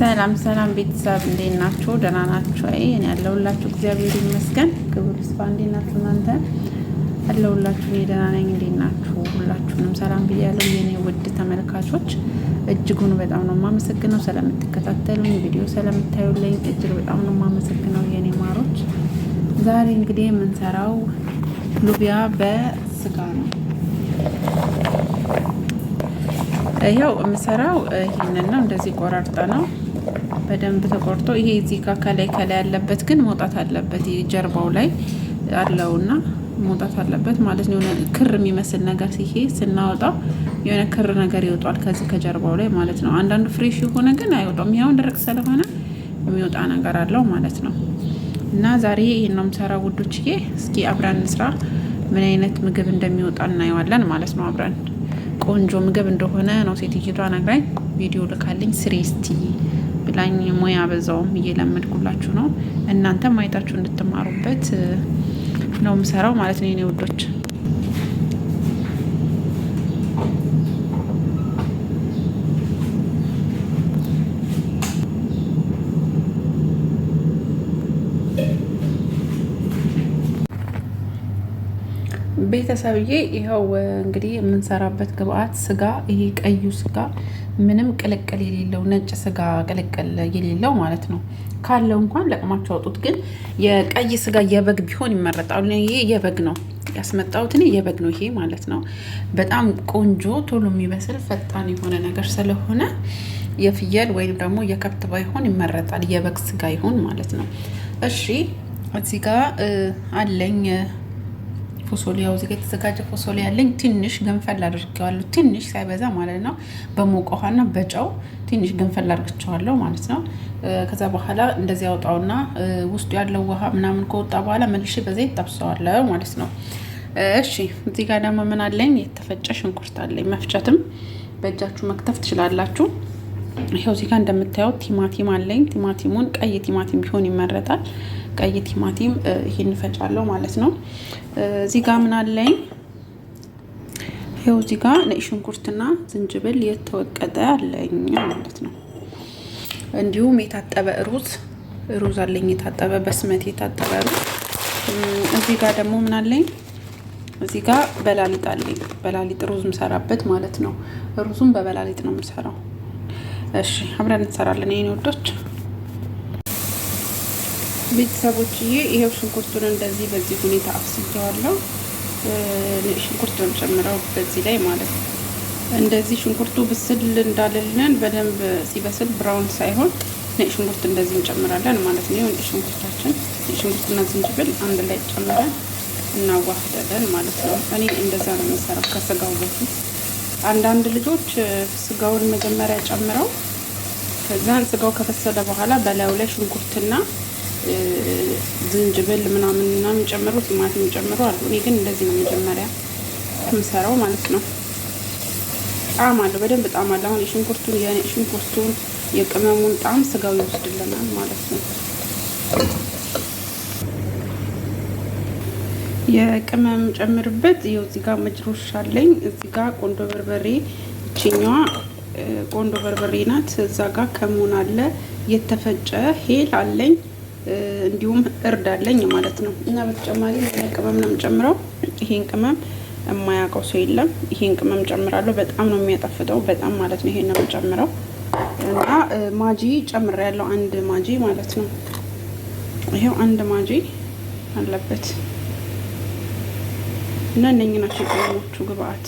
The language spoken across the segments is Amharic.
ሰላም ሰላም ቤተሰብ እንዴት ናችሁ? ደህና ናችሁ? አይ እኔ አለሁላችሁ፣ እግዚአብሔር ይመስገን። ክብር ስፋ እንዴት ናችሁ እናንተ? አለሁላችሁ፣ እኔ ደህና ነኝ። እንዴት ናችሁ? ሁላችሁንም ሰላም ብያለሁ የኔ ውድ ተመልካቾች፣ እጅጉን በጣም ነው የማመሰግነው ስለምትከታተሉኝ፣ ቪዲዮ ስለምታዩልኝ እጅግ በጣም ነው የማመሰግነው የኔ ማሮች። ዛሬ እንግዲህ የምንሰራው ሉቢያ በስጋ ነው። ይኸው የምሰራው ይህንን ነው። እንደዚህ ቆራርጠ ነው በደንብ ተቆርጦ ይሄ እዚህ ጋር ከላይ ከላይ ያለበት ግን መውጣት አለበት። ጀርባው ላይ አለውና መውጣት አለበት ማለት ነው። የሆነ ክር የሚመስል ነገር ሲሄ ስናወጣው የሆነ ክር ነገር ይወጣል ከዚህ ከጀርባው ላይ ማለት ነው። አንዳንዱ ፍሬሽ የሆነ ግን አይወጣም። ይኸውን ደረቅ ስለሆነ የሚወጣ ነገር አለው ማለት ነው። እና ዛሬ ይህን ነው የምሰራው ውዶችዬ። እስኪ አብረን እንስራ። ምን አይነት ምግብ እንደሚወጣ እናየዋለን ማለት ነው። አብረን ቆንጆ ምግብ እንደሆነ ነው ሴትዮዋ ነግራኝ ቪዲዮ ልካልኝ ስሪ እስቲ ብላኝ ሙያ በዛውም እየለመድኩላችሁ ነው። እናንተም አይታችሁ እንድትማሩበት ነው ምሰራው ማለት ነው የኔ ውዶች። ቤተሰብዬ ይኸው እንግዲህ የምንሰራበት ግብአት ስጋ፣ ይሄ ቀዩ ስጋ ምንም ቅልቅል የሌለው ነጭ ስጋ ቅልቅል የሌለው ማለት ነው። ካለው እንኳን ለቅማቸው አውጡት። ግን የቀይ ስጋ የበግ ቢሆን ይመረጣል። ይሄ የበግ ነው ያስመጣሁት እኔ የበግ ነው ይሄ ማለት ነው። በጣም ቆንጆ ቶሎ የሚበስል ፈጣን የሆነ ነገር ስለሆነ የፍየል ወይም ደግሞ የከብት ባይሆን ይመረጣል። የበግ ስጋ ይሆን ማለት ነው። እሺ እዚህ ጋር አለኝ ፎሶሊያው እዚህ የተዘጋጀ ፎሶሊ ያለኝ ትንሽ ገንፈል አድርጌዋለሁ። ትንሽ ሳይበዛ ማለት ነው። በሞቀ ውሃና በጨው ትንሽ ገንፈል አድርግቸዋለሁ ማለት ነው። ከዛ በኋላ እንደዚህ ያወጣውና ውስጡ ያለው ውሃ ምናምን ከወጣ በኋላ መልሼ በዘይት ጠብሰዋለሁ ማለት ነው። እሺ እዚህ ጋር ደግሞ ምን አለኝ? የተፈጨ ሽንኩርት አለኝ። መፍጨትም በእጃችሁ መክተፍ ትችላላችሁ። ይኸው እዚህ ጋር እንደምታየው ቲማቲም አለኝ። ቲማቲሙን ቀይ ቲማቲም ቢሆን ይመረጣል። ቀይ ቲማቲም ይሄን ፈጫለሁ ማለት ነው። እዚህ ጋር ምን አለኝ? ይኸው እዚህ ጋር ነጭ ሽንኩርትና ዝንጅብል የተወቀጠ አለኝ ማለት ነው። እንዲሁም የታጠበ ሩዝ ሩዝ አለኝ የታጠበ በስመት የታጠበ ሩዝ። እዚህ ጋር ደግሞ ምን አለኝ? እዚህ ጋር በላሊጥ አለኝ። በላሊጥ ሩዝ ምሰራበት ማለት ነው። ሩዙም በበላሊጥ ነው የምሰራው። እሺ አብረን እንሰራለን። ይህን ወዶች ቤተሰቦችዬ ይሄው ሽንኩርቱን እንደዚህ በዚህ ሁኔታ አፍስቼዋለሁ። ሽንኩርቱን ጨምረው በዚህ ላይ ማለት ነው። እንደዚህ ሽንኩርቱ ብስል እንዳልልን በደንብ ሲበስል ብራውን ሳይሆን ነጭ ሽንኩርት እንደዚህ እንጨምራለን ማለት ነው። ነጭ ሽንኩርታችን ነጭ ሽንኩርትና ዝንጅብል አንድ ላይ ጨምረን እናዋህደለን ማለት ነው። እኔ እንደዛ ነው የምሰራው ከስጋው በፊት። አንዳንድ ልጆች ስጋውን መጀመሪያ ጨምረው ከዛን ስጋው ከበሰለ በኋላ በላዩ ላይ ሽንኩርትና ዝንጅብል ምናምን ና የሚጨምሩ ቲማት የሚጨምሩ አሉ። እኔ ግን እንደዚህ ነው መጀመሪያ የምሰራው ማለት ነው። ጣዕም አለው፣ በደንብ ጣዕም አለው። አሁን የሽንኩርቱን የሽንኩርቱን የቅመሙን ጣዕም ስጋው ይወስድልናል ማለት ነው። የቅመም ጨምርበት። ይኸው እዚህ ጋር መጅሮሽ አለኝ። እዚህ ጋር ቆንዶ በርበሬ ይችኛዋ ቆንዶ በርበሬ ናት። እዛ ጋር ከሙን አለ፣ የተፈጨ ሄል አለኝ እንዲሁም እርድ አለኝ ማለት ነው። እና በተጨማሪ ቅመም ነው የምጨምረው። ይሄን ቅመም የማያውቀው ሰው የለም። ይሄን ቅመም ጨምራለሁ። በጣም ነው የሚያጠፍጠው፣ በጣም ማለት ነው። ይሄን ነው የምጨምረው እና ማጂ ያለው አንድ ማጂ ማለት ነው። ይሄው አንድ ማጂ አለበት እና እነኚህ ናቸው ቅመሞቹ ግብአት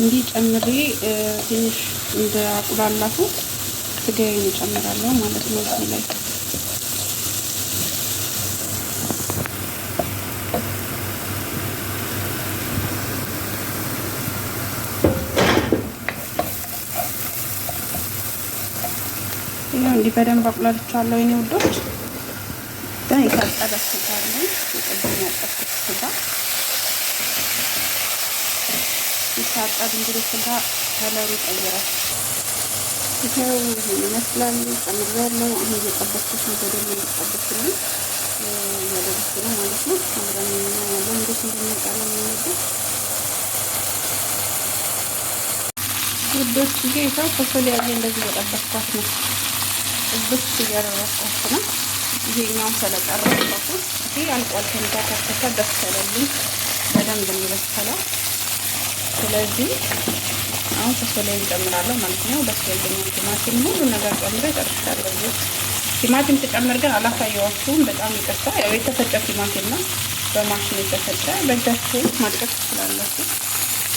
እንዲህ ጨምሬ ትንሽ እንደ አቁላላፉ ስጋዬን እጨምራለሁ ማለት ነው እዚህ ላይ ይሄው እንዲህ በደንብ አቁላልቻለሁ የኔ ውዶች። ግን የታጠበ ስጋ አለ የቅድም ያጠብኩት ስጋ ይታጠብ እንግዲህ ስጋ ከለሩ ይቀይራል። ይሄው ይመስላል። ጨምሬያለሁ። አሁን እየጠበኩት ነው። በደንብ እየጠበኩልኝ እያደረኩት ነው ማለት ነው። አብረን እናያለን እንዴት እንደሚጣለው የሚወደው ውዶች ዬ ይኸው ፈሶል ያለ እንደዚህ እየጠበስኳት ነው። ጥብስ እያደረኳት ነው። ይሄኛውም ስለጠረኩት ይሄ አልቋል። ከሚዳታተተ በሰለልኝ በደንብ ነው ስለዚህ አሁን ከሶ ላይ እንጨምራለሁ ማለት ነው። ደስ ጓደኛ ቲማቲም ሁሉ ነገር ጨምሮ ይጠርሻለሁ። ቲማቲም ስጨምር ግን አላሳየዋችሁም፣ በጣም ይቅርታ። ያው የተፈጨ ቲማቲም ነው፣ በማሽን የተፈጨ። በእጃችሁ ማድረግ ትችላላችሁ፣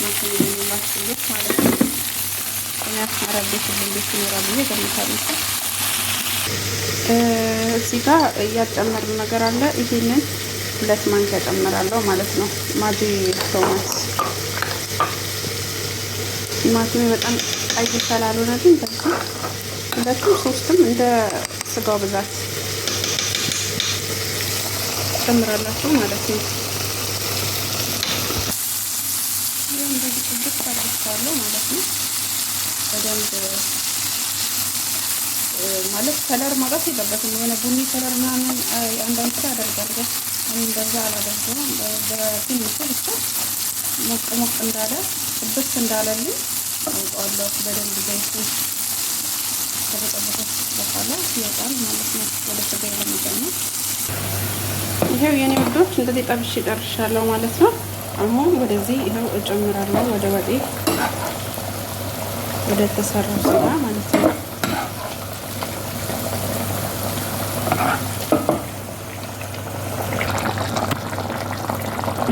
ማሽን የሚላችሁት ማለት ነው። ይኖራል ብዬ ገምታለሁ። እዚህ ጋር እያጨመርን ነገር አለ። ይሄንን ሁለት ማንኪያ ጨምራለሁ ማለት ነው። ማዲ ቶማስ ቲማቲሜ በጣም ቀይ ስላልሆነ ግን በዚህ ሁለቱም ሶስትም እንደ ስጋው ብዛት ጨምራላችሁ ማለት ነው። ማለት ነው። ማለት ከለር ማውጣት የለበትም። የሆነ ቡኒ ከለር ምናምን አንዳንድ ሰው ያደርጋል። እኔ በዛ አላደርገውም። በትንሹ ብቻ ሞቅ ሞቅ እንዳለ ጥብስ እንዳለልኝ አውጣዋለሁ። በደንብ ዘይቱ ከተጠበሰ በኋላ ይወጣል ማለት ነው። ወደ ስጋ ለመጨመር ይሄው የኔ ውዶች እንደዚህ ጠብሼ ጨርሻለሁ ማለት ነው። አሁን ወደዚህ ይኸው እጨምራለሁ ወደ ወጤ ወደ ተሰራው ስጋ ማለት ነው።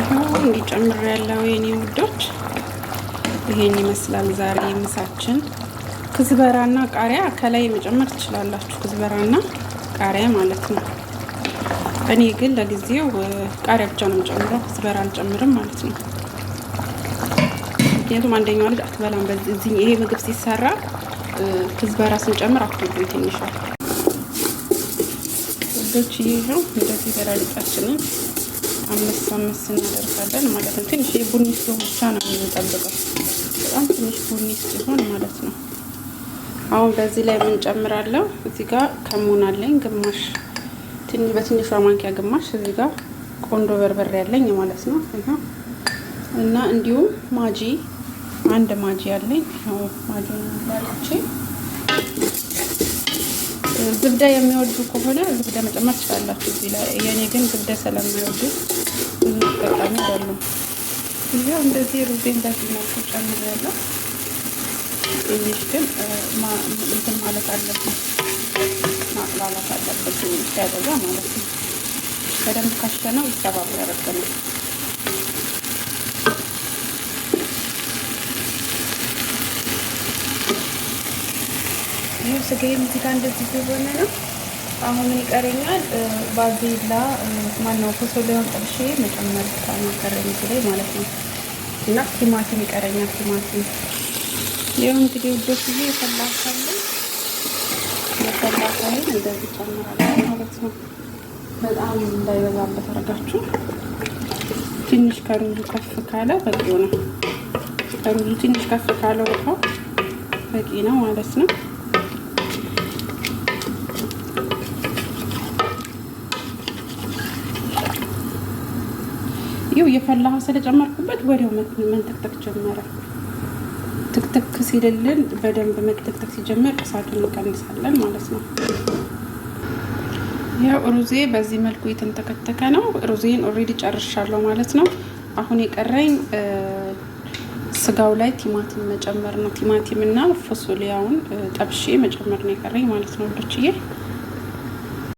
ይኸው እንዲጨምር ያለው የኔ ውዶች ይሄን ይመስላል ዛሬ ምሳችን። ክዝበራና ቃሪያ ከላይ መጨመር ትችላላችሁ። ክዝበራና ቃሪያ ማለት ነው። እኔ ግን ለጊዜው ቃሪያ ብቻ ነው የምጨምረው፣ ክዝበራ አልጨምርም ማለት ነው። ምክንያቱም አንደኛው ልጅ አትበላም። በዚህ ይሄ ምግብ ሲሰራ ክዝበራ ስንጨምር አትወዱ ትንሻል ልጆች ይዘው እንደዚህ ዘላልጣችንን አምስት አምስት እናደርጋለን ማለት ነው። ትንሽ ቡኒ ስለሆነ ብቻ ነው የምንጠብቀው። በጣም ትንሽ ቡኒ ሲሆን ማለት ነው። አሁን በዚህ ላይ ምን ጨምራለሁ? እዚህ ጋር ከሙን አለኝ ግማሽ በትንሿ ማንኪያ ግማሽ፣ እዚህ ጋር ቆንዶ በርበሬ ያለኝ ማለት ነው እና እንዲሁም ማጂ አንድ ማጂ አለኝ። ማጂ ባልቼ ዝብዳ የሚወዱ ከሆነ ዝብዳ መጨመር ትችላላችሁ እዚህ ላይ። የእኔ ግን ዝብዳ ስለማይወዱ ተጠቃሚ አይደሉም። ያው እንደዚህ ሩቤን በዚህ መልኩ ጨምሬያለሁ። ትንሽ ግን እንትን ማለት አለብን ማቅላላት አለበት ሲያደጋ ማለት ነው። በደንብ ካሸነው ይሰባብር ያረገናል። ይህ ስጋዬም እዚህ ጋር እንደዚህ የሆነ ነው። አሁን ምን ይቀረኛል? ባዜላ ማነው ኮሶሌውን ጠብሼ መጨመር ካልቀረኝ ላይ ማለት ነው። እና ቲማቲም ይቀረኛል። ቲማቲም ይኸው እንግዲህ ውዶች ጊዜ የፈላካለ የፈላካይ እንደዚህ ጨምራለሁ ማለት ነው። በጣም እንዳይበዛበት አድርጋችሁ ትንሽ ከሩዙ ከፍ ካለ በቂ ነው። ከሩዙ ትንሽ ከፍ ካለ ውሃ በቂ ነው ማለት ነው። ይኸው የፈላ ውሃ ስለጨመርኩበት ወዲያው መንተክተክ ጀመረ። ትክትክ ሲልልን በደንብ መጠቅጠቅ ሲጀመር እሳቱን እንቀንሳለን ማለት ነው። ያው ሩዜ በዚህ መልኩ የተንተከተከ ነው። ሩዜን ኦሬዲ ጨርሻለሁ ማለት ነው። አሁን የቀረኝ ስጋው ላይ ቲማቲም መጨመር ነው። ቲማቲም እና ፎሶሊያውን ጠብሼ መጨመር ነው የቀረኝ ማለት ነው ልጆችዬ።